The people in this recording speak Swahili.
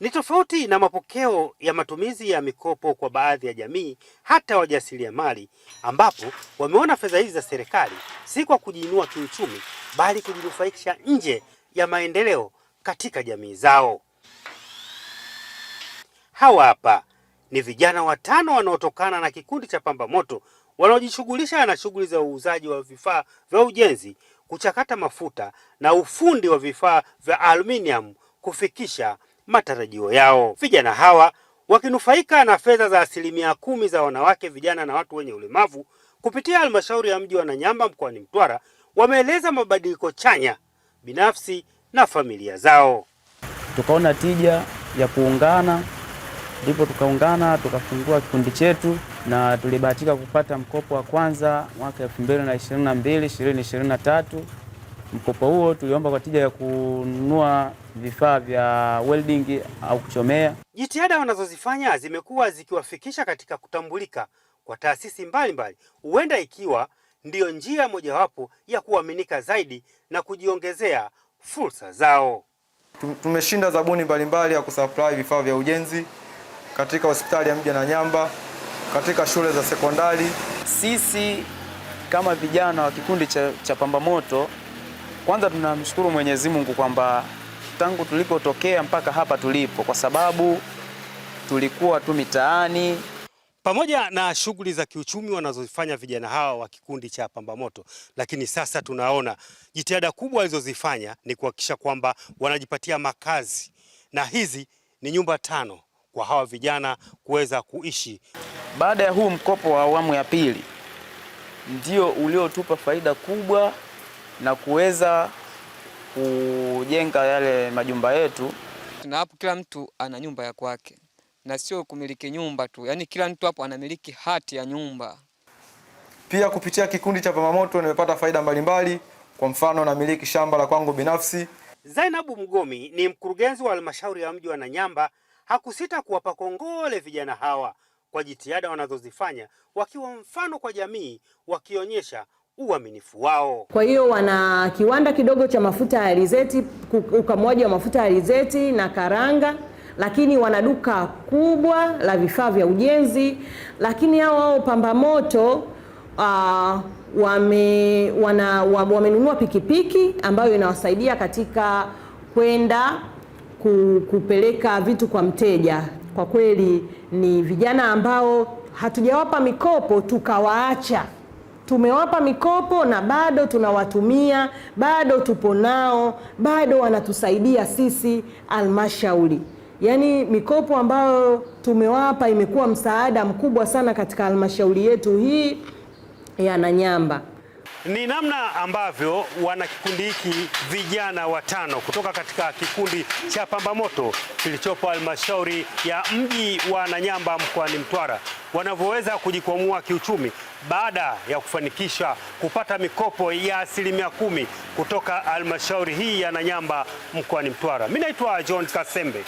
Ni tofauti na mapokeo ya matumizi ya mikopo kwa baadhi ya jamii, hata wajasiriamali, ambapo wameona fedha hizi za serikali si kwa kujiinua kiuchumi, bali kujinufaisha nje ya maendeleo katika jamii zao. Hawa hapa ni vijana watano wanaotokana na kikundi cha pamba moto wanaojishughulisha na shughuli za uuzaji wa vifaa vya ujenzi, kuchakata mafuta na ufundi wa vifaa vya aluminium kufikisha matarajio yao. Vijana hawa wakinufaika na fedha za asilimia kumi za wanawake, vijana na watu wenye ulemavu kupitia halmashauri ya mji wa Nanyamba mkoani Mtwara, wameeleza mabadiliko chanya binafsi na familia zao. Tukaona tija ya kuungana, ndipo tukaungana tukafungua kikundi chetu na tulibahatika kupata mkopo wa kwanza mwaka 2022 2023 Mkopo huo tuliomba kwa tija ya kununua vifaa vya welding au kuchomea. Jitihada wanazozifanya zimekuwa zikiwafikisha katika kutambulika kwa taasisi mbalimbali, huenda ikiwa ndiyo njia mojawapo ya kuaminika zaidi na kujiongezea fursa zao. Tumeshinda zabuni mbalimbali ya kusupply vifaa vya ujenzi katika hospitali ya Mja na Nyamba, katika shule za sekondari. Sisi kama vijana wa kikundi cha, cha Pambamoto kwanza tunamshukuru Mwenyezi Mungu kwamba tangu tulipotokea mpaka hapa tulipo, kwa sababu tulikuwa tu mitaani. Pamoja na shughuli za kiuchumi wanazofanya vijana hawa wa kikundi cha Pambamoto, lakini sasa tunaona jitihada kubwa walizozifanya ni kuhakikisha kwamba wanajipatia makazi, na hizi ni nyumba tano kwa hawa vijana kuweza kuishi. Baada ya huu mkopo wa awamu ya pili ndio uliotupa faida kubwa na kuweza kujenga yale majumba yetu, na hapo kila mtu ana nyumba ya kwake na sio kumiliki nyumba tu, yaani kila mtu hapo anamiliki hati ya nyumba. Pia kupitia kikundi cha Pamamoto nimepata faida mbalimbali, kwa mfano namiliki shamba la kwangu binafsi. Zainabu Mgomi ni mkurugenzi wa halmashauri ya mji wa Nanyamba, hakusita kuwapa kongole vijana hawa kwa jitihada wanazozifanya wakiwa mfano kwa jamii, wakionyesha uaminifu wao. Kwa hiyo wana kiwanda kidogo cha mafuta ya alizeti, ukamuaji wa mafuta ya alizeti na karanga, lakini wana duka kubwa la vifaa vya ujenzi, lakini hao wao pamba moto uh, wame wana wamenunua pikipiki ambayo inawasaidia katika kwenda kupeleka vitu kwa mteja. Kwa kweli ni vijana ambao hatujawapa mikopo tukawaacha tumewapa mikopo na bado tunawatumia, bado tupo nao, bado wanatusaidia sisi almashauri. Yaani mikopo ambayo tumewapa imekuwa msaada mkubwa sana katika halmashauri yetu hii ya Nanyamba. Ni namna ambavyo wanakikundi hiki vijana watano kutoka katika kikundi cha Pambamoto kilichopo halmashauri ya mji wa Nanyamba mkoani Mtwara wanavyoweza kujikwamua kiuchumi baada ya kufanikisha kupata mikopo ya asilimia kumi kutoka halmashauri hii ya Nanyamba mkoani Mtwara. Mimi naitwa John Kasembe.